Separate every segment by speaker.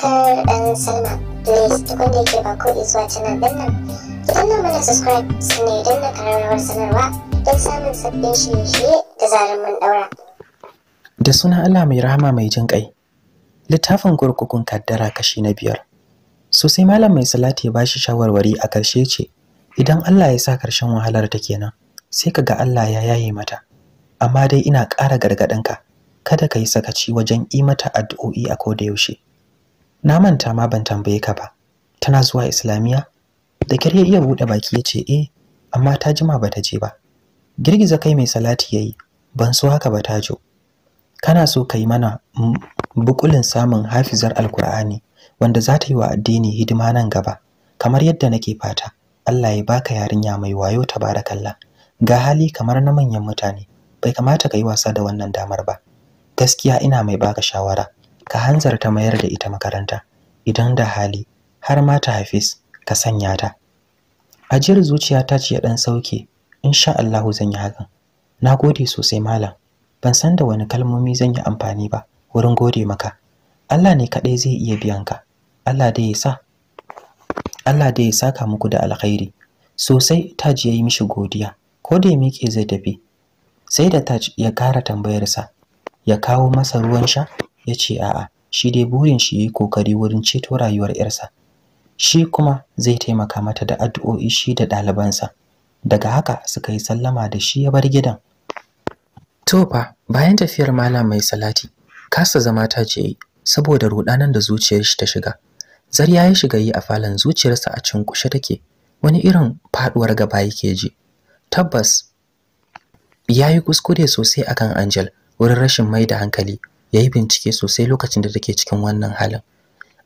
Speaker 1: subscribe and sign up. da yake subscribe sanarwa don samun sabbin da sunan Allah mai rahama mai jin ƙai. Littafin kurkukun kaddara kashi na biyar. So sai malam mai salati ya bashi shawarwari a ƙarshe ce, idan Allah ya sa ƙarshen wahalar ta kenan, sai ka ga Allah ya yaye mata. Amma dai ina ƙara gargaɗinka, kada ka yi sakaci wajen yi mata addu'o'i a koda yaushe. na manta ma ban tambaye ka ba tana zuwa islamiya da kyar iya buɗe baki yace ce eh amma ta jima ba ta je ba girgiza kai mai salati yayi ban so haka ba ta jo kana so ka yi mana bukulin samun hafizar alkur'ani wanda za ta yi wa addini hidima nan gaba kamar yadda nake fata Allah ya baka yarinya mai wayo tabarakallah ga hali kamar na manyan mutane bai kamata ka yi wasa da wannan damar ba gaskiya ina mai baka shawara ka hanzar ta mayar da ita makaranta idan da hali har ma ta hafis ka sanya ta ajiyar zuciya ta ce dan sauke insha Allah zan yi hakan Na gode sosai malam ban san da wani kalmomi zan yi amfani ba wurin gode maka Allah ne kaɗai zai iya biyan ka Allah da ya Allah da ya saka muku da alkhairi sosai Taj ya yi mishi godiya ko da ya miƙe zai tafi sai da Taj ya kara tambayarsa ya kawo masa ruwan sha ya ce a'a shi dai burin shi yi kokari wurin ceto rayuwar yarsa shi kuma zai taimaka mata da addu'o'i shi da ɗalibansa daga haka suka yi sallama da shi ya bar gidan to fa bayan tafiyar malam mai salati kasa zama ta ce saboda rudanan da zuciyar shi ta shiga zarya ya shiga yi a falon zuciyarsa a kushe take wani irin faduwar gaba yake ji tabbas ya yi kuskure sosai akan Angel wurin rashin mai da hankali ya yi bincike sosai lokacin da take cikin wannan halin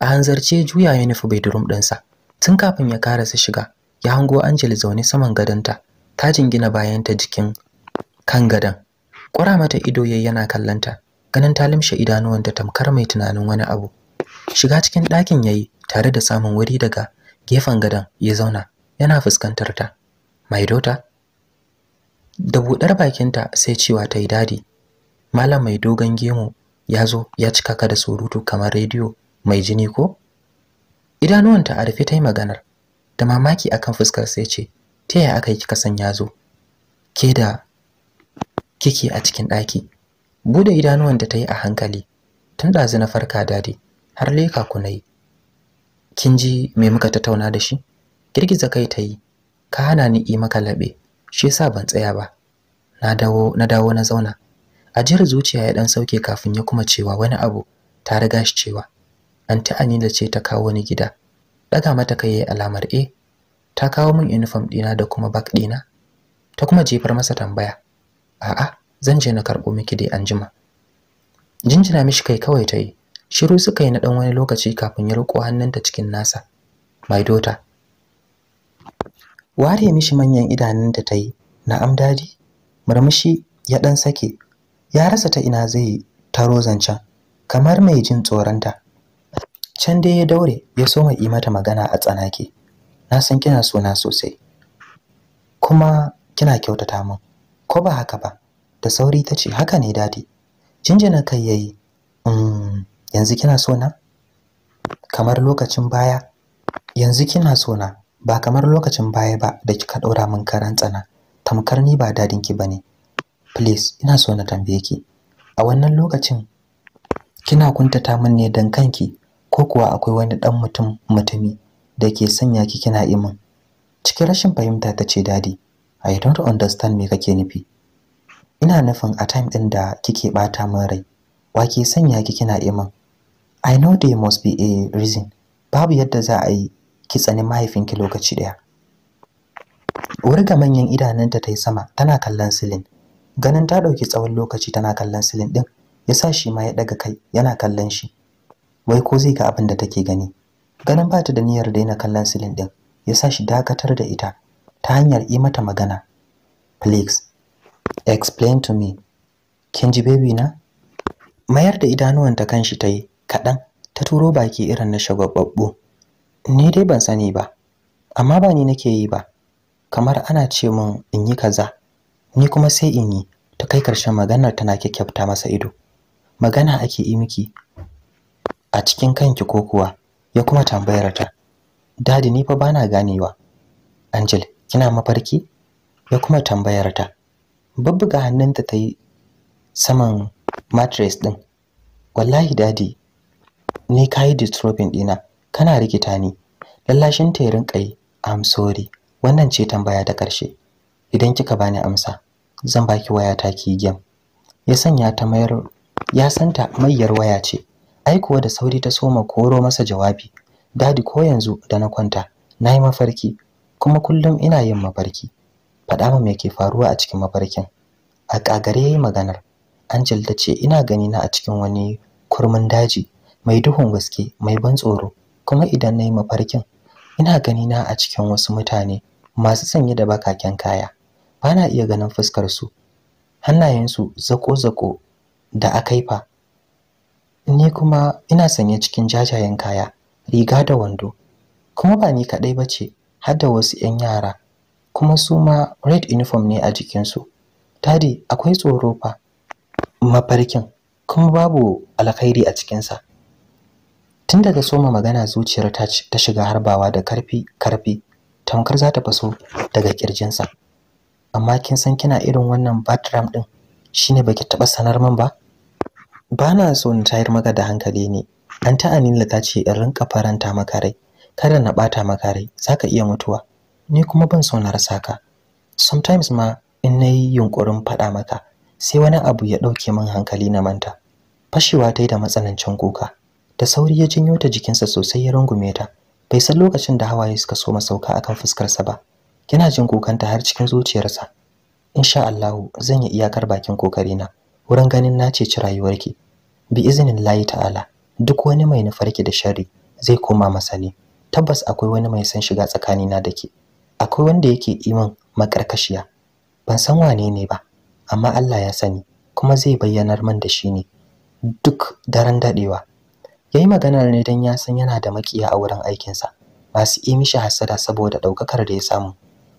Speaker 1: a hanzarce juya ya nufi bedroom ɗinsa tun kafin ya karasa shiga ya hango angel zaune saman gadonta ta jingina bayanta jikin kan gadon kura mata ido yayi yana kallanta ganin ta limshe idanuwanta tamkar mai tunanin wani abu shiga cikin ɗakin yayi tare da samun wuri daga gefen gadon ya zauna yana fuskantar ta my daughter da buɗar bakinta sai cewa ta yi dadi malam mai dogon gemu ya zo ya cika ka da surutu kamar rediyo mai jini ko idanuwanta a rufe ta yi maganar da mamaki akan fuskar sai ce ta yaya aka yi kika san ya zo ke da kike a cikin ɗaki bude idanuwan ta yi a hankali tun ɗazu na farka dadi har leka ku na yi kin ji me muka tattauna da shi girgiza kai ta yi ka hana ni yi maka laɓe shi yasa ban tsaya ba na na dawo na zauna A ajiyar zuciya ya dan sauke kafin ya kuma cewa wani abu ta riga shi cewa anti Anila ce ta kawo ni gida daga mata kai yayi alamar eh ta kawo min uniform dina da kuma bag dina ta kuma jefar masa tambaya a'a zan je na karbo miki dai anjima jinjina mishi kai kawai ta shiru suka yi na dan wani lokaci kafin ya riko hannunta cikin nasa my daughter ware mishi manyan idanun da ta yi na'am dadi murmushi ya dan sake ya rasa ta ina zai taro zancen kamar mai jin tsoronta can dai ya daure ya soma yi mata magana a tsanake na san kina sona sosai kuma kina kyautata min ko ba haka ba da sauri ta ce haka ne dadi jinjina kai yayi mm, yanzu kina sona kamar lokacin baya yanzu kina sona ba kamar lokacin baya ba da kika daura min karan tsana tamkar ni ba dadin dadinki bane please ina so na tambaye ki a wannan lokacin kina kuntata min ne dan kanki ko kuwa akwai wani dan mutum mutumi da ke sanya ki kina imin cikin rashin fahimta ta ce dadi i don't understand me kake nufi ina nufin a time din da kike bata min rai wa ke sanya ki kina imin i know there must be a reason babu yadda za a yi ki tsani mahaifinki lokaci daya wurga manyan idanunta ta yi sama tana kallon silin ganin ta ɗauki tsawon lokaci tana kallon silin ɗin ya sa shi ma ya daga kai yana kallon shi wai ko zai ga abin da take gani ganin ba ta da niyyar daina kallon silin ɗin ya sa shi dakatar da ita ta hanyar yi mata magana Felix explain to me kin ji baby na mayar da idanuwanta kan shi ta yi kaɗan ta turo baki irin na shagwabbabbo ni dai ban sani ba amma ba ni nake yi ba kamar ana ce mun in yi kaza ni kuma sai in yi ta kai ƙarshen maganar tana kyakkyafta masa ido magana ake yi miki a cikin kanki ko kuwa ya kuma tambayar ta dadi ni fa bana ganewa angel kina mafarki ya kuma tambayar ta babbuga hannunta ta yi saman mattress din wallahi dadi ni kayi disturbing dina kana rikita ni lallashin ta rinka yi i'm sorry wannan ce tambaya ta karshe idan kika bani amsa zan baki wayata ki gem ya sanya ta mayar ya santa mayyar waya ce ai da sauri ta soma koro masa jawabi dadi ko yanzu da na kwanta nayi mafarki kuma kullum ina yin mafarki faɗa min me ke faruwa a cikin mafarkin a kagare yayi maganar Angel ta ce ina gani na a cikin wani kurmin daji mai duhun gaske mai ban tsoro kuma idan nayi mafarkin ina gani na a cikin wasu mutane masu sanye da bakaken kaya Bana iya ganin fuskarsu hannayensu zako-zako da fa. ni kuma ina sanye cikin jajayen kaya riga da wando kuma ba ni kadai ba ce har da wasu 'yan yara kuma su ma red uniform ne a jikinsu tadi akwai tsoro fa mafarkin kuma babu alkhairi a cikinsa tun daga soma magana zuciyar ta ta shiga harbawa da karfi karfi tamkar za ta faso daga kirjinsa amma kin san kina irin wannan batram din shine baki taba sanar min ba bana so in tayar maka da hankali ne an ta anila ta ce in rinka faranta maka rai kada na bata maka rai zaka iya mutuwa ni kuma ban so na rasa ka sometimes ma in nayi yunkurin faɗa maka sai wani abu ya ɗauke min hankali na manta fashewa ta yi da matsanancin kuka da sauri ya jinyo ta jikinsa sosai ya rungume ta bai san lokacin da hawaye suka so masauka akan fuskarsa ba Kina jin kukanta har cikin zuciyarsa insha Allahu zan yi iyakar bakin kokarina wurin ganin na ceci rayuwarki bi izinin Allah ta'ala duk wani mai nufarki da sharri zai koma masa tabbas akwai wani mai san shiga tsakanina da ke akwai wanda yake iman makarkashiya ban san wane ne ba amma Allah ya sani kuma zai bayyanar man da shi ne duk daren dadewa yayi maganar ne dan ya san yana da makiya a wurin aikinsa masu yi mishi hasada saboda daukakar da ya samu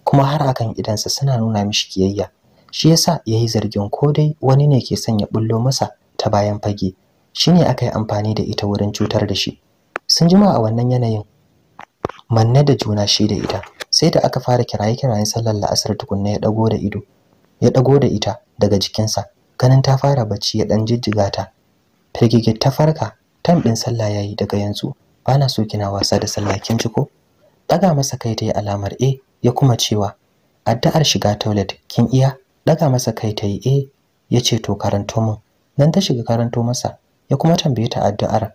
Speaker 1: kuma har akan idansa suna nuna mishi kiyayya shi yasa yayi zargin ko dai wani ne ke sanya bullo masa ta bayan fage shine aka yi amfani da ita wurin cutar da shi sun jima a wannan yanayin manne da juna shi da ita sai da aka fara kiraye kirayen sallar la'asar tukunna ya dago da ido ya dago da ita daga jikinsa ganin ta fara bacci ya dan jijjiga ta firgige ta farka tam din sallah yayi daga yanzu bana so kina wasa da sallah kin daga masa kai ta yi alamar eh ya kuma cewa addu'ar shiga toilet kin iya daga masa kai ta yi eh ya ce to karanto mun nan ta shiga karanto masa ya kuma tambaye ta addu'ar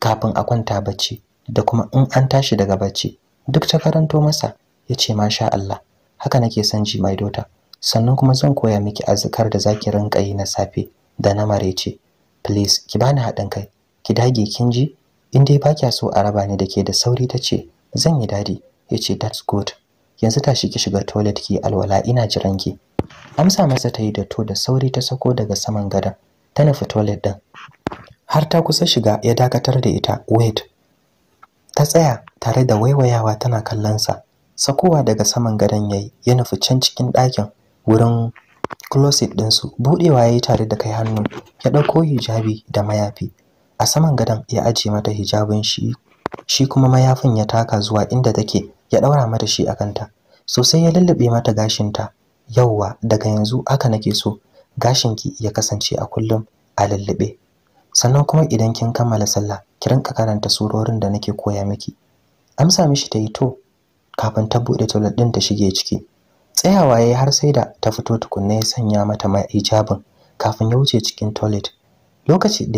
Speaker 1: kafin a kwanta bacci da kuma in an tashi daga bacci duk ta karanto masa ya yace masha Allah haka nake son ji mai dota sannan kuma zan koya miki azkar da zaki rinka yi na safe da na marece please ki bani haɗin kai ki dage kin ji in dai ba kya so a raba ni da ke da sauri ta ce zan yi dadi ya ce that's good yanzu tashi ki shiga toilet ki alwala ina jiran ki amsa masa ta yi da to da sauri ta sako daga saman gadon ta nufi toilet din har ta kusa shiga ya dakatar da ita wait ta tsaya tare da waiwayawa tana kallon sa sakowa daga saman gadon yayi ya nufi can cikin ɗakin wurin closet ɗinsu buɗewa ya yi tare da kai hannu ya dauko hijabi da mayafi a saman gadon ya ajiye mata hijabin shi shi kuma mayafin ya taka zuwa inda take ya daura mata shi a kanta sosai ya lullube mata gashin ta yauwa daga yanzu haka nake so gashinki ya kasance a kullum a lullube sannan kuma idan kin kammala sallah ki rinka karanta surorin da nake koya miki amsa mishi ta yi to kafin ta bude tulad din ta shige ciki tsayawa yayi har sai da ta fito tukunna ya sanya mata mai hijabin kafin ya wuce cikin toilet lokacin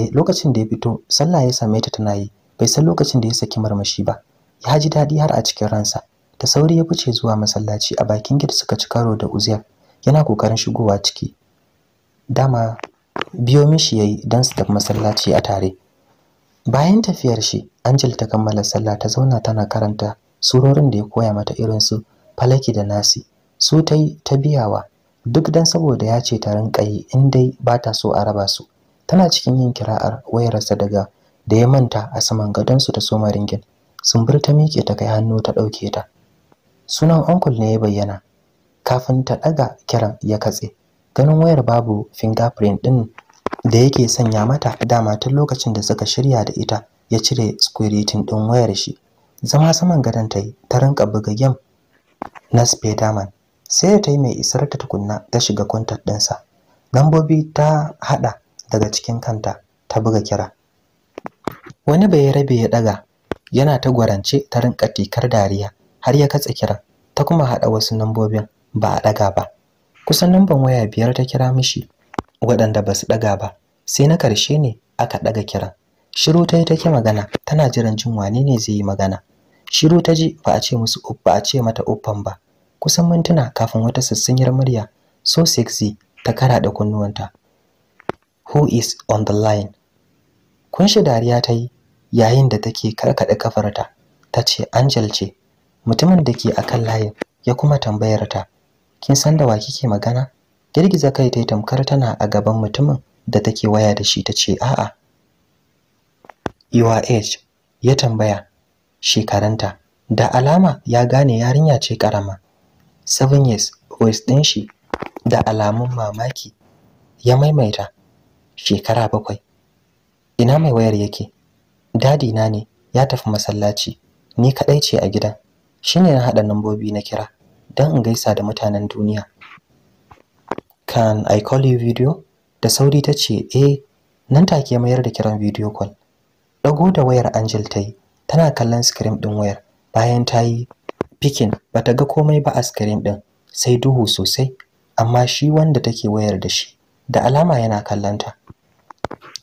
Speaker 1: da ya fito sallah ya same ta tana yi bai san lokacin da ya saki marmashi ba ya ji daɗi har a cikin ransa da sauri ya fice zuwa masallaci a bakin gida suka ci karo da uzair yana kokarin shigowa ciki dama biyo mishi yayi dan su tafi masallaci a tare bayan tafiyar shi angel ta kammala sallah ta zauna tana karanta surorin da ya koya mata irin su falaki da nasi su ta yi ta biyawa duk dan saboda ya ce ta rinka yi in dai ba ta so a raba su tana cikin yin kira'ar wayarsa daga da ya manta a saman gadonsu da somarin ringin sumbur ta miƙe ta kai hannu ta ɗauke ta sunan onkul ne ya bayyana kafin ta ɗaga kiran ya katse ganin wayar babu fingerprint ɗin da yake sanya mata dama tun lokacin da suka shirya da ita ya cire squiritin ɗin wayar shi zama saman gadon ta yi ta rinka buga game na spiderman sai ta yi mai isar ta tukunna ta shiga kwantar ɗinsa lambobi ta haɗa daga cikin kanta ta buga kira wani bai rabe ya ɗaga yana ta gwarance ta rinka tikar dariya har ya katse kiran ta kuma haɗa wasu nambobin ba a ɗaga ba kusan namban waya biyar ta kira mishi waɗanda ba su ɗaga ba sai na karshe ne aka ɗaga kiran shiru ta yi take magana tana jiran jin wane ne zai yi magana shiru ta ji ba a ce musu ba a ce mata uffan ba kusan mintuna kafin wata sassanyar murya so sexy ta kara da kunnuwanta who is on the line kunshi dariya ta yi yayin da take karkaɗe kafarta ta ce Angel ce mutumin da ke akan layin ya kuma tambayar ta kin san da wa kike magana girgiza kai ta tamkar tana a gaban mutumin da take waya da shi ta ce a'a your age ya tambaya shekarunta, da alama ya gane yarinya ce karama seven years voice ɗin shi da alamun mamaki ya maimaita shekara bakwai ina mai wayar yake dadi na ne ya tafi masallaci ni kadai ce a gidan shine na hada nambobi na kira dan in gaisa da mutanen duniya can i call you video da sauri tace ce eh nan take mayar da kiran video call dago da wayar angel ta tana kallon screen din wayar bayan ta yi picking bata ga komai ba a screen din sai duhu sosai amma shi wanda take wayar da shi da alama yana kallanta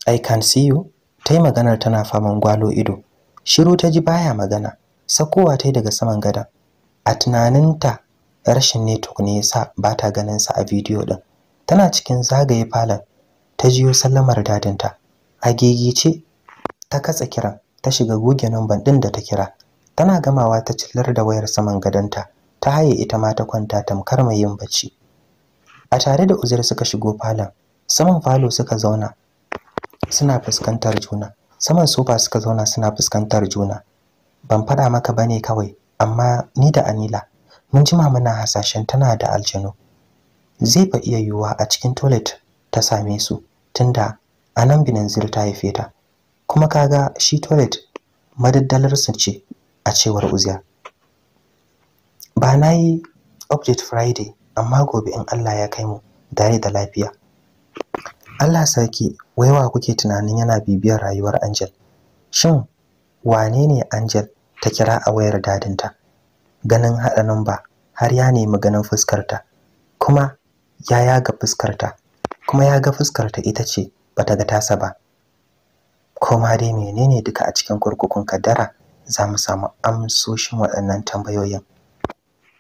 Speaker 1: i can see you ta yi maganar tana faman gwalo ido shiru ta ji baya magana sakowa ta daga saman gadon a tunaninta rashin ne ne yasa ba ta ganin sa a bidiyo din tana cikin zagaye falon ta jiyo sallamar dadinta a ce ta katsa kiran ta shiga goge numban din da ta kira tana gamawa ta cillar da wayar saman gadon ta ta haye ita ma ta kwanta tamkar mai yin bacci a tare da uzur suka shigo falon saman falo suka zauna suna fuskantar juna saman su ba suka zauna suna fuskantar juna ban faɗa maka bane kawai amma ni da anila mun jima muna hasashen tana da aljanu zai fa iya yiwuwa a cikin toilet ta same su tunda anan nan binanzir ta haife ta kuma kaga shi toilet madaddalarsa ce a cewar uziya ba na yi update friday amma gobe in allah ya kai mu dare da lafiya Allah sarki wa kuke tunanin yana bibiyar rayuwar Angel shin wane ne Angel ta kira a wayar dadinta ganin haɗa ba har ya nemi ganin fuskarta kuma ya yaga fuskarta kuma ya ga fuskarta ita ce ba ta ga tasa ba koma dai menene duka a cikin kurkukun kaddara za mu samu amsoshin waɗannan tambayoyin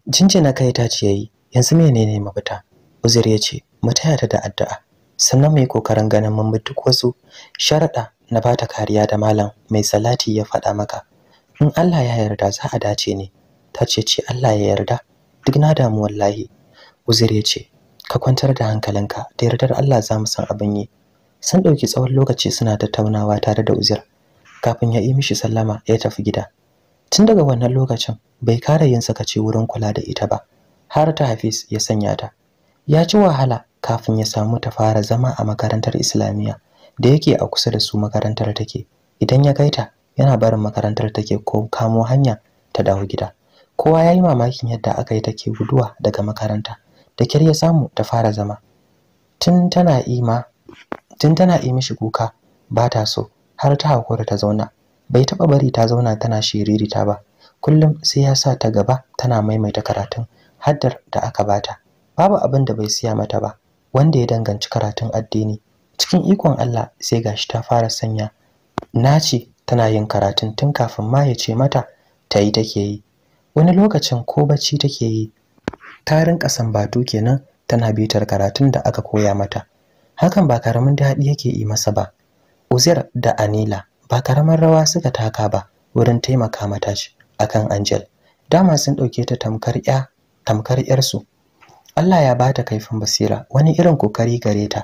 Speaker 1: jinjina kai ta ce yayi yanzu menene mafita uzur ya ce mu taya ta da addu'a sannan mai kokarin ganin mun bi duk wasu sharaɗa na ba ta kariya da malam mai salati ya faɗa maka in Allah ya yarda za a dace ne ta ce ce Allah ya yarda duk na damu wallahi ya ce ka kwantar da hankalinka da yardar Allah za mu san abin yi sun ɗauki tsawon lokaci suna tattaunawa tare da uzir kafin ya yi mishi sallama ya tafi gida tun daga wannan lokacin bai kara yin sakaci wurin kula da ita ba har ta hafiz ya sanya ta ya ci wahala kafin ya samu ta fara zama a makarantar Islamiyya da yake a kusa da su makarantar take idan ya kaita yana barin makarantar take ko kamo hanya ta dawo gida kowa ya yi mamakin yadda aka yi take guduwa daga makaranta da kyar ya samu ta fara zama tun tana ima yi mishi kuka ba ta so har ta hakura ta zauna bai taɓa bari ta zauna tana shiririta ba kullum sai ya sa ta gaba tana maimaita karatun haddar da aka bata babu abin da bai siya mata ba wanda ya danganci karatun addini cikin ikon Allah sai gashi ta fara sanya nace tana yin karatun tun kafin ma ya mata ta yi take yi wani lokacin ko bacci take yi ta rinka batu kenan tana bitar karatun da aka koya mata hakan ba karamin daɗi yake yi masa ba uzair da anila ba karamin rawa suka taka ba wurin taimaka mata shi akan angel dama sun ɗauke ta tamkar ya tamkar yarsu Allah ya bata kaifin basira wani irin kokari gare ta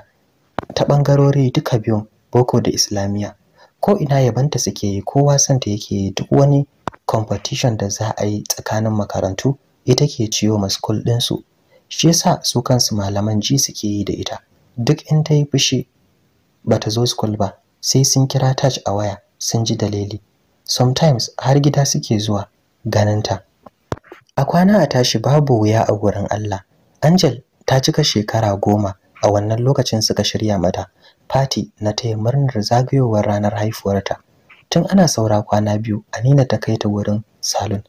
Speaker 1: ta bangarori duka biyun boko da islamiya ko ina yabanta suke yi kowa santa yake yi duk wani competition da za a yi tsakanin makarantu ita ke ciyo ma school din su shi yasa su kansu malaman ji suke yi da ita duk in ta yi fushi bata zo school ba sai sun kira touch a waya sun ji dalili sometimes har gida suke zuwa ganinta a kwana a tashi babu wuya a gurin Allah Angel ta cika shekara goma a wannan lokacin suka shirya mata fati na taya murnar zagayowar ranar haifuwarta. Tun ana saura kwana biyu Anina ta kai ta wurin salon.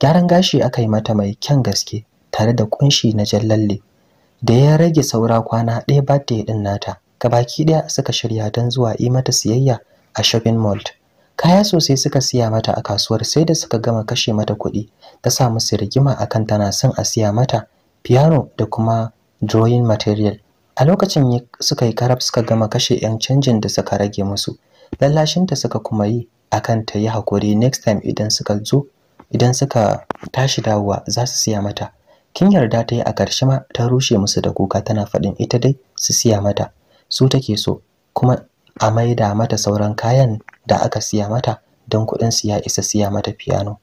Speaker 1: Gyaran gashi aka yi mata mai kyan gaske tare da kunshi na jan lalle, Da ya rage saura kwana ɗaya birthday ɗin nata, gabaki ɗaya suka shirya don zuwa yi mata siyayya a shopping mall. Kaya sosai suka siya mata a kasuwar sai da suka gama kashe mata kuɗi ta samu musu rigima akan tana son a siya mata piano da kuma drawing material a lokacin suka yi karab suka gama kashe 'yan canjin da suka rage musu lallashinta suka kuma yi akan ta yi hakuri next time idan suka zo idan suka tashi dawowa za su siya mata kin yarda ta yi a ƙarshe ma ta rushe musu da kuka tana faɗin ita dai su siya mata su take so kuma a maida mata sauran kayan da aka siya mata don kuɗin siya isa siya mata piano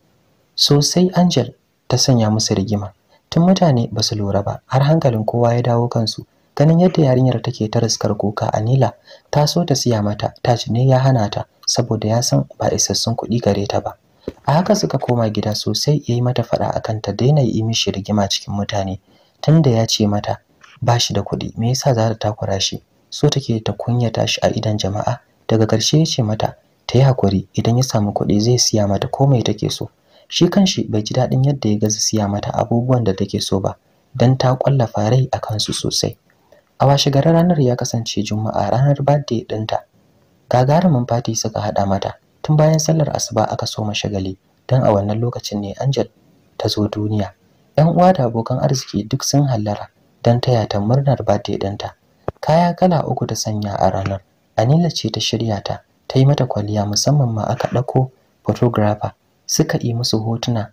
Speaker 1: sosai angel ta sanya musu rigima tun mutane ba su lura ba har hankalin kowa ya dawo kansu ganin yadda yarinyar take ta riskar kuka Nila ta so ta siya mata ta ne ya hana ta saboda ya san ba isassun kuɗi gare ta ba a haka suka koma gida sosai ya yi mata faɗa akan ta daina yi mishi rigima cikin mutane tunda ya ce mata ba shi da kuɗi me yasa za ta takura shi so take ta kunyata shi a idan jama'a daga ƙarshe ya ce mata ta yi hakuri idan ya samu kuɗi zai siya mata komai take so shi kanshi bai ji daɗin yadda ya gaza siya mata abubuwan da take so ba Dan ta ƙwallafa rai a kansu sosai a washe, gara ranar ya kasance juma'a ranar birthday ɗinta gagarumin fati suka haɗa mata tun bayan sallar asuba aka so ma shagali dan a wannan lokacin ne angel ta zo duniya yan uwa da abokan arziki duk sun hallara don taya ta murnar birthday ɗinta kaya kala uku ta sanya a ranar anila ce ta shirya ta ta yi mata kwalliya musamman ma aka ɗauko photographer suka yi musu hotuna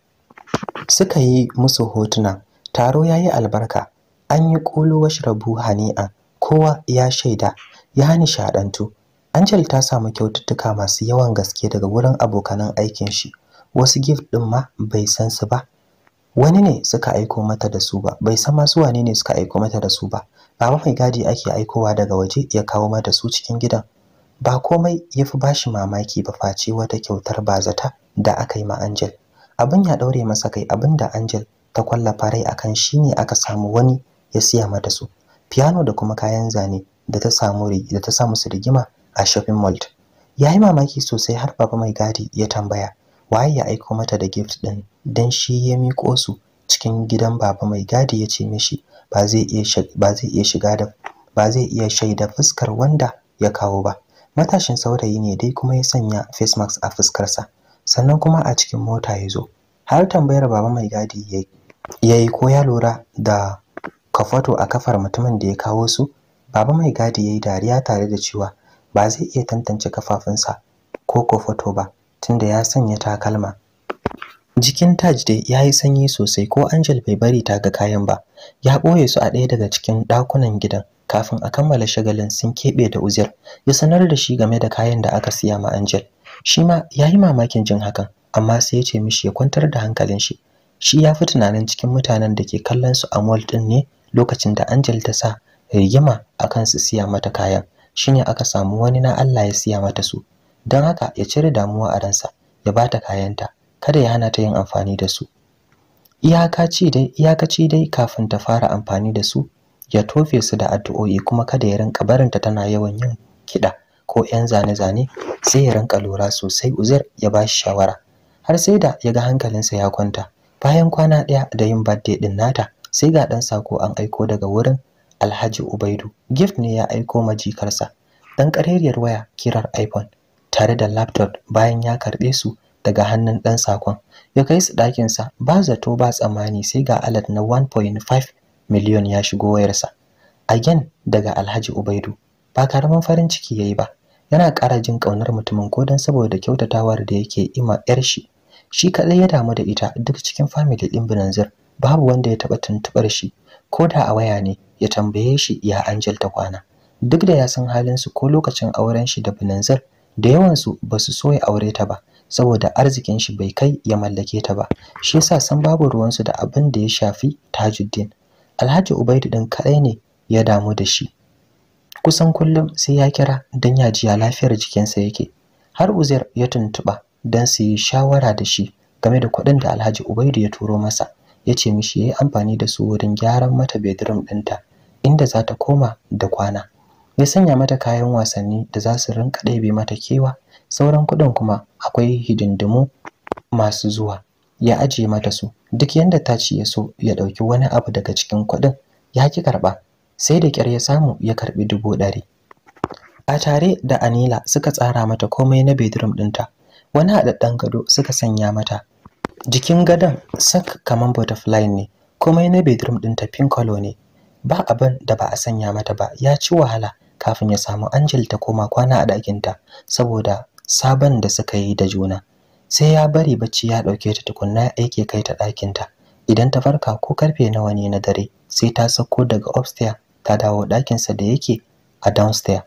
Speaker 1: suka yi musu hotuna taro yayi albarka an yi kulu washrabu hani'a kowa ya shaida ya nishadantu Angel ta samu kyaututtuka masu yawan gaske daga wurin abokanan aikin shi wasu gift ɗin ma bai san su ba wani ne suka aiko mata da su ba bai san masu wani ne suka aiko mata da su ba baba mai gadi ake aikowa daga waje ya kawo mata su cikin gidan ba komai ya fi bashi mamaki ba face wata kyautar bazata da aka yi ma Angel abin ya daure masa kai abin da Angel ta kwallafa rai akan shine aka samu wani ya siya mata su piano da kuma kayan zane da ta samu da ta samu su rigima a shopping mall ya yi mamaki sosai har baba mai gadi ya tambaya waye ya aiko mata da gift din dan shi ya miko su cikin gidan baba mai gadi ya ce mishi ba zai iya ba zai iya shiga da ba zai iya shaida fuskar wanda ya kawo ba matashin saurayi ne dai kuma ya sanya face mask a fuskarsa sannan kuma a cikin mota ya zo har tambayar baba mai gadi ya yi ko ya lura da kafoto a kafar mutumin da ya kawo su baba mai gadi ya yi dariya tare da cewa ba zai iya tantance kafafunsa ko kofato ba tunda ya sanya takalma jikin taj dai ya yi sanyi sosai ko angel bai bari ta ga kayan ba ya ɓoye su a ɗaya daga cikin ɗakunan gidan kafin a kammala shagalin sun keɓe da uzir ya sanar da shi game da kayan da aka siya ma angel shi ma ya yi mamakin jin hakan amma sai ya ce mishi ya kwantar da hankalin shi shi ya fi tunanin cikin mutanen da ke kallon su a mall din ne lokacin da Angel ta sa rigima akan su siya mata kayan shine aka samu wani na Allah ya siya mata su don haka ya cire damuwa a ransa ya ba bata kayanta kada ya hana ta yin amfani da su iyakaci dai iyakaci dai kafin ta fara amfani da su ya tofe su da addu'o'i kuma kada ya rinka barinta tana yawan yin kiɗa ko 'yan zane-zane sai ya rinka lura sosai uzair ya ba shi shawara har sai da ya ga hankalinsa ya kwanta bayan kwana ɗaya da yin birthday ɗin nata sai ga ɗan sako an aiko daga wurin alhaji ubaidu gift ne ya aiko majikarsa dan ƙarerriyar waya kirar iphone tare da laptop bayan ya karɓe su daga hannun ɗan sakon ya kai su ɗakinsa ba zato ba tsammani sai ga alat na 1.5 miliyon ya shigo wayarsa again daga alhaji ubaidu ba karamin farin ciki yayi ba yana ƙara jin ƙaunar mutumin ko dan saboda kyautatawar da yake ima yar shi shi kadai ya damu da ita duk cikin family din Binanzir babu wanda ya taba tuntubar shi ko da a waya ne ya tambaye shi ya Angel ta kwana duk da ya san halin su ko lokacin auren shi da Binanzir da yawan su basu so ya aure ta ba saboda arzikin shi bai kai ya mallake ta ba shi yasa san babu ruwan su da abin da ya shafi Tajuddin Alhaji Ubaidu din kadai ne ya damu da shi kusan kullum sai ya kira don ya ji ya lafiyar jikinsa yake har uzair ya tuntuɓa don su yi shawara da shi game da kuɗin da alhaji ubaidu ya turo masa ya ce mishi ya yi amfani da su wurin gyaran mata bedroom ɗinta inda za ta koma da kwana ya sanya mata kayan wasanni da za su rinka ɗebe mata kewa sauran kuɗin kuma akwai hidindimu masu zuwa ya ajiye mata su duk yadda ta ci ya so ya ɗauki wani abu daga cikin kuɗin ya ki karɓa sai da kyar ya samu ya karɓi dubu ɗari a tare da anila suka tsara mata komai na bedroom ɗinta wani haɗaɗɗen gado suka sanya mata jikin gadon sak kamar butterfly ne komai na bedroom ɗinta pink color ne ba abin da ba a sanya mata ba ya ci wahala kafin ya samu Angel ta koma kwana a ɗakinta saboda sabon da suka yi da juna sai ya bari bacci ya ɗauke ta tukunna ya aike kai ta ɗakinta idan ta farka ko karfe nawa ne na dare sai ta sauko daga upstairs ta dawo ɗakinsa da yake a downstairs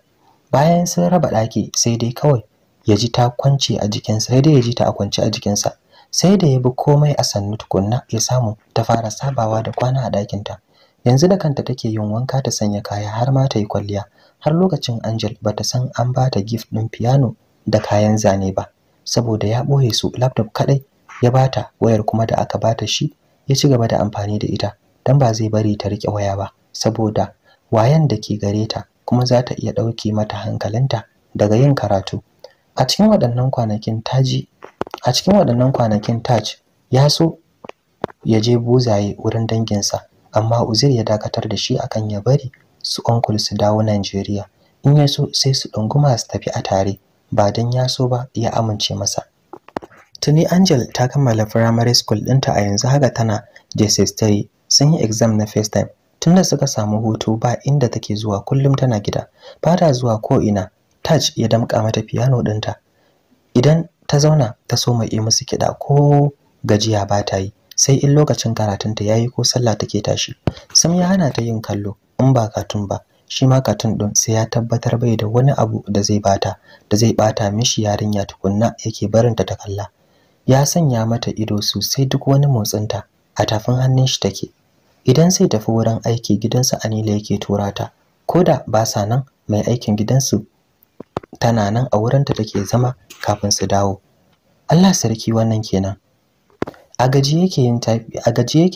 Speaker 1: bayan sun raba ɗaki sai dai kawai ya ji ta kwance a jikinsa sai dai ya ji ta a kwance a jikinsa sai da ya bi komai a sannu tukunna ya samu ta fara sabawa da kwana a ɗakinta yanzu da kanta take yin wanka ta sanya kaya har ma ta yi kwalliya har lokacin Angel ba ta san an ba ta gift ɗin piano da kayan zane ba saboda ya ɓoye su laptop kaɗai ya bata wayar kuma da aka bata shi ya ci gaba da amfani da ita dan ba zai bari ta rike waya ba saboda wayan da ke gare ta kuma za ta iya ɗauke mata hankalinta daga yin karatu a cikin waɗannan kwanakin taji a cikin waɗannan kwanakin taj ya so ya je buzaye wurin danginsa amma uzir ya dakatar da shi akan ya bari su onkul su dawo Najeriya in ya so sai su ɗunguma su tafi a tare ba don ya so ba ya amince masa tuni angel ta kammala firamare school ɗinta a yanzu haka tana jss3 sun yi exam na first time tunda suka samu hutu ba inda take zuwa kullum tana gida ba ta zuwa ko ina Taj ya damka mata piano ɗinta idan ta zauna ta so mai musu kiɗa ko gajiya ba ta yi sai in lokacin karatunta ya yi ko sallah take tashi sam ya hana ta yin kallo in ba katun ba shi ma katun ɗin sai ya tabbatar bai da wani abu da zai bata da zai bata mishi yarinya tukunna yake barinta ta kalla ya sanya mata ido sosai duk wani motsinta a tafin hannun shi take idan sai tafi wurin aiki gidansu Anila yake tura ta da ba sa nan mai aikin gidansu tana nan a wurinta take zama kafin su dawo Allah sarki wannan kenan a gaji yake yin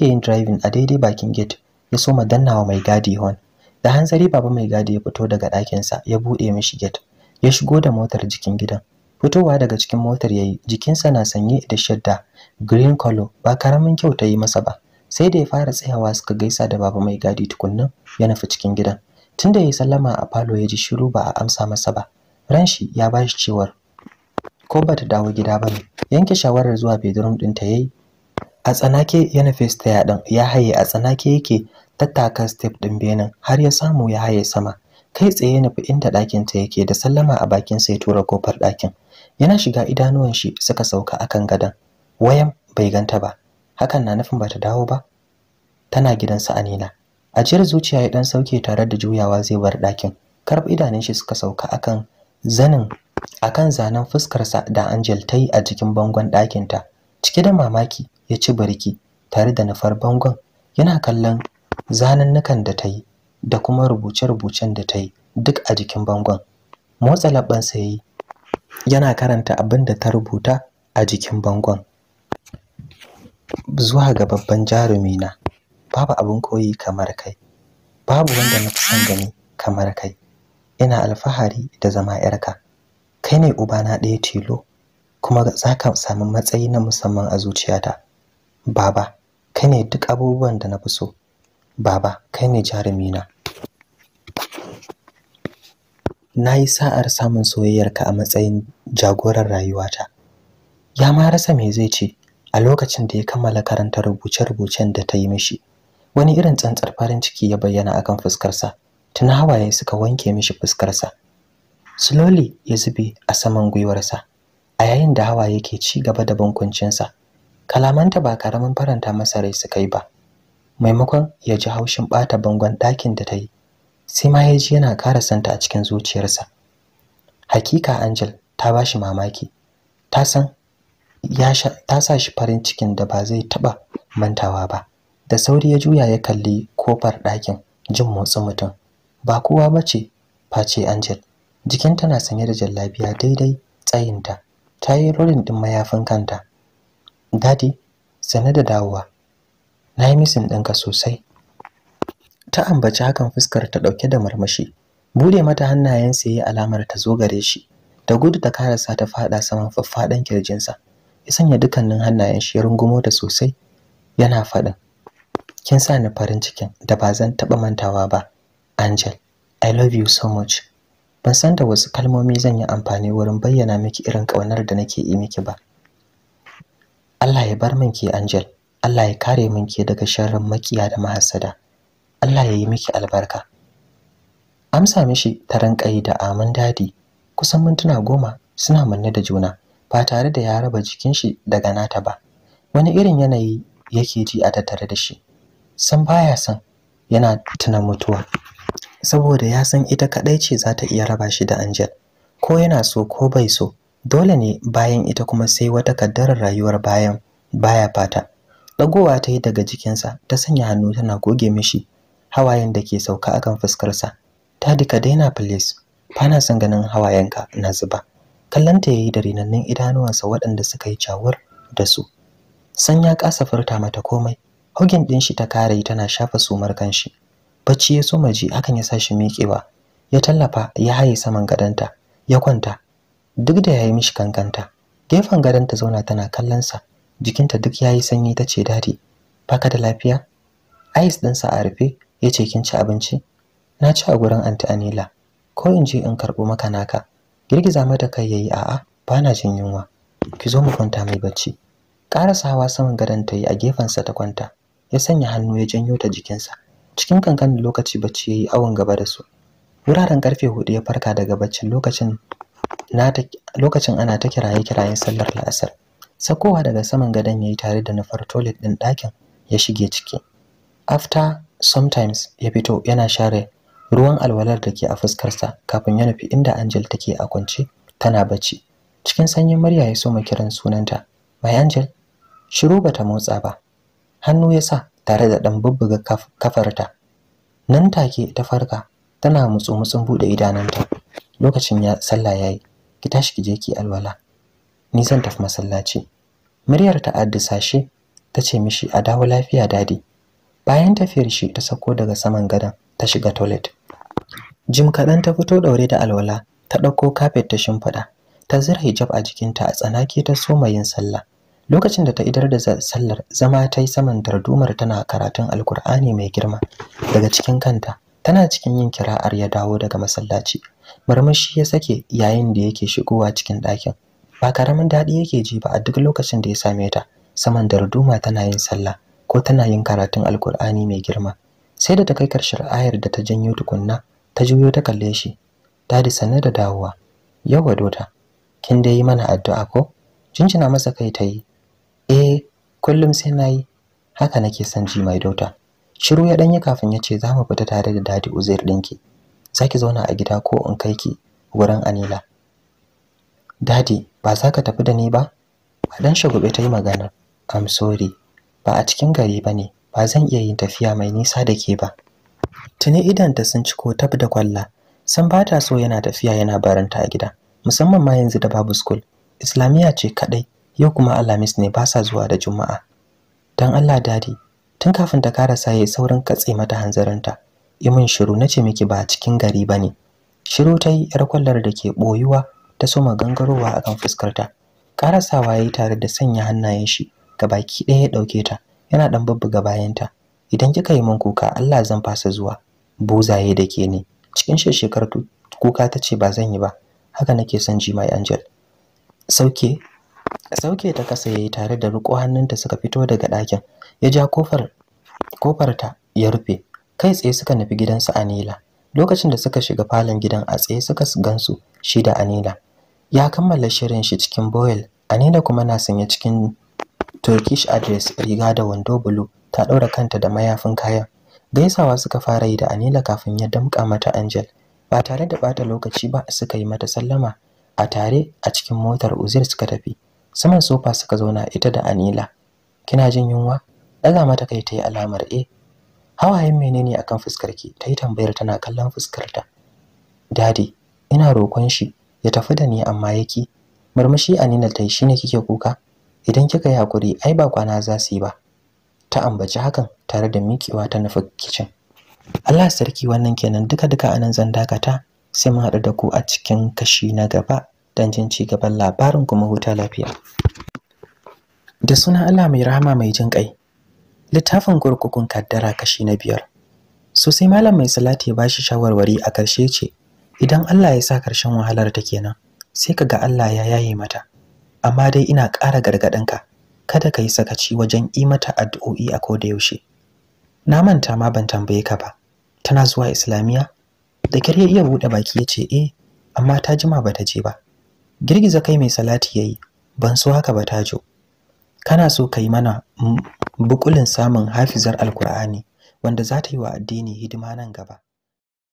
Speaker 1: yin driving a daidai bakin gate ya soma dannawa mai gadi hon da hanzari baba mai gadi ya fito daga ɗakinsa ya buɗe mishi gate ya shigo da motar jikin gidan fitowa daga cikin motar yayi jikinsa na sanye da shadda green color ba karamin kyau ta yi masa ba sai da ya fara tsayawa suka gaisa da baba mai gadi tukunnan ya nufi cikin gidan tunda ya sallama a falo ya ji shiru ba a amsa masa ba ran shi ya ba shi cewar ko ba ta dawo gida ba ne yanke shawarar zuwa bedroom din ta yayi a tsanake ya nufi staya din ya haye a tsanake yake tattaka step din benin har ya samu ya haye sama kai tsaye ya nufi inda ɗakin ta yake da sallama a bakin sai tura kofar ɗakin yana shiga idanuwan shi suka sauka akan gadon wayan bai ganta ba hakan na nufin bata dawo ba tana gidan gidansa anina ajiyar zuciya ya dan sauke tare da juyawa zai bar ɗakin karb idanun shi suka sauka akan zanin akan zanen fuskarsa da Angel ta yi a jikin bangon ɗakinta cike da mamaki ya ci barki tare da nufar bangon yana kallon zanannukan da ta yi da kuma rubuce-rubucen da ta yi duk a jikin bangon motsa labbansa ya yi yana karanta abin da ta rubuta a jikin bangon zuwa ga babban jarumi na babu abin koyi kamar kai babu wanda na fi son gani kamar kai ina alfahari da zama yarka kai ne ubana ɗaya tilo kuma za ka samu matsayi na musamman a zuciyata baba kai ne duk abubuwan da na fi so baba kai ne jarumi na na yi sa'ar samun soyayyarka a matsayin jagorar rayuwata ya ma rasa me zai ce a lokacin da ya kammala karanta rubuce-rubucen da ta yi mishi wani irin tsantsar farin ciki ya bayyana akan fuskarsa tuna hawaye suka wanke mishi fuskarsa slowly ya zube a saman gwiwarsa a yayin da hawaye ke ci gaba da bankuncinsa kalamanta ba karamin faranta masa rai suka yi ba maimakon ya ji haushin ɓata bangon ɗakin da ta yi sai ma ya ji yana ƙara santa a cikin zuciyarsa hakika angel ta ba shi mamaki ta san ta sa shi farin cikin da ba zai taɓa mantawa ba da sauri ya juya ya kalli kofar ɗakin jin motsi mutum ba kowa ba ce face angel jikin tana sanye da jallabiya daidai tsayinta ta yi rolin ɗin mayafin kanta dadi sane da dawowa na yi misin ɗinka sosai ta ambaci hakan fuskar ta ɗauke da marmashi bude mata hannayen sai yi alamar ta zo gare shi da gudu ta karasa ta faɗa saman faffaɗan kirjinsa ya sanya dukkanin hannayen shi ya rungumo da sosai yana faɗin kin sa ni farin cikin da ba zan taɓa mantawa ba angel i love you so much ban san da wasu kalmomi zan yi amfani wurin bayyana miki irin ƙaunar da nake yi miki ba Allah ya bar min ke angel Allah ya kare min daga sharrin makiya da mahassada. Allah ya yi miki albarka amsa mishi ta ranƙayi da amin dadi kusan mintuna goma suna manne da juna ba tare da ya raba jikin shi daga nata ba wani irin yanayi yake ji a tattare da shi san baya san yana tuna mutuwa saboda ya san ita kadai ce za ta iya raba shi da Angel ko yana so ko bai so dole ne bayan ita kuma sai wata kaddarar rayuwar bayan baya fata dagowa ta yi daga jikinsa ta sanya hannu tana goge mishi hawayen da ke sauka akan fuskarsa ta dika daina please na son ganin hawayenka na zuba kallon ya yayi da rinannun idanuwansa waɗanda suka yi cawar da su san ya kasa furta mata komai hugin din shi ta kare tana shafa sumar kanshi bacci ya soma ji hakan ya sa shi miƙewa ya tallafa ya haye saman gadanta ya kwanta duk da yayi mishi kankanta gefen gadanta zauna tana kallon sa jikinta duk yayi sanyi tace dadi baka da lafiya ice ɗinsa a rufe yace kin ci abinci na ci a gurin anti Anila ko in je in karɓo maka naka girgiza mata kai yayi a'a bana jin yunwa ki zo mu kwanta mai bacci karasawa saman gadon ta yi a gefensa ta kwanta ya sanya hannu ya janyo ta jikinsa cikin kankanin lokaci bacci yayi awon gaba da su wuraren karfe hudu ya farka daga baccin lokacin lokacin ana ta kiraye kirayen sallar la'asar sakowa daga saman gadon yayi tare da nufar toilet din dakin ya shige ciki after sometimes ya fito yana share ruwan alwalar da ke a fuskarsa kafin ya nufi inda Angel take a kwance tana bacci. Cikin sanyin murya ya soma kiran sunanta. Mai Angel, shiru bata motsa ba. Hannu ya sa tare da ɗan bubbuga kafarta. Nan take ta farka tana mutsu-mutsun bude idanunta. Lokacin ya sallah yayi, ki tashi ki je ki alwala. Ni zan tafi masallaci. Muryar ta addisa shi ta ce mishi a dawo lafiya dadi. Bayan tafiyar shi ta sako daga saman gadon ta shiga toilet. jim kaɗan ta fito ɗaure da alwala ta ɗauko kafet ta shimfiɗa ta zira hijab a jikinta a tsanaki ta soma yin sallah lokacin da ta idar da sallar zama ta yi saman dardumar tana karatun alkur'ani mai girma daga cikin kanta tana cikin yin kira'ar ya dawo daga masallaci marmashi ya sake yayin da yake shigowa cikin ɗakin ba karamin daɗi yake ji ba a duk lokacin da ya same ta saman darduma tana yin sallah ko tana yin karatun alkur'ani mai girma sai da ta kai karshen ayar da ta janyo tukunna ta juyo ta kalle shi dadi sanne da dawowa Yau wa dota kin dai yi mana addu'a ko jinjina masa kai ta yi eh kullum sai nayi haka nake son ji mai dota shiru ya yi kafin ya ce za mu fita tare da dadi uzair dinki zaki zauna a gida ko in kai ki wurin anila dadi ba za ka tafi da ni ba a dan shagube ta yi magana i'm sorry ba a cikin gari ba ne ba zan iya yin tafiya mai nisa da ke ba tuni idanta sun ciko tab da kwalla san ba ta so yana tafiya yana baranta a gida musamman ma yanzu da babu school islamiyya ce kadai yau kuma alhamis ne ba sa zuwa da juma'a dan Allah dadi tun kafin ta karasa yi saurin katse mata hanzarinta imin shiru na ce miki ba cikin gari ba ne. shiru ta yi yar kwallar da ke boyuwa ta soma gangarowa a kan fuskarta karasawa yayi tare da sanya hannayen shi ga baki ɗaya ya ɗauke ta yana ɗan bubbuga bayanta idan kika yi min kuka Allah zan fasa zuwa buzaye da ke ne cikin shekar kuka ta ce ba zan yi ba haka nake son ji angel sauke sauke ta kasa yayi tare da riko hannunta suka fito daga ɗakin ya ja kofar kofar ya rufe kai tsaye suka nufi gidansu anila lokacin da suka shiga falon gidan a tsaye suka gansu shi da anila ya kammala shirin shi cikin boil anila kuma na sanya cikin turkish address riga da wando blue ta ɗaura kanta da mayafin kayan Gaisawa suka fara yi da Anila kafin ya damƙa mata Angel. Ba tare da bata lokaci ba suka yi mata sallama a tare a cikin motar Uzair suka tafi. Saman sofa suka zauna ita da Anila. Kina jin yunwa? Daga mata kai ta yi alamar E. Hawayen menene akan fuskarki? Ta yi tambayar tana kallon fuskarta. Dadi, ina roƙon shi ya tafi da ni amma yaki. Murmushi Anila ta yi shine kike kuka? Idan kika yi hakuri ai ba kwana za su yi ba. ta ambaci hakan tare da mikewa ta nufi kicin Allah sarki wannan kenan duka duka anan zan dakata sai mu haɗu da ku a cikin kashi na gaba don jin ci gaban labarin kuma huta lafiya da suna Allah mai rahama mai jin ƙai littafin kurkukun kaddara kashi na biyar so sai malam mai salati ya bashi shawarwari a ƙarshe ce idan Allah ya sa ƙarshen wahalar ta kenan sai ka ga Allah ya yaye mata amma dai ina ƙara gargaɗinka kada ka yi sakaci wajen yi mata addu'o'i a koda yaushe na manta ma ban tambaye ka ba tana zuwa islamiyya? da kirye iya buɗe baki ya ce eh amma ta jima ba ta je ba girgiza kai mai salati yayi ban so haka ba ta jo. kana so ka yi mana bukulin samun hafizar alkur'ani wanda za ta yi wa addini hidima nan gaba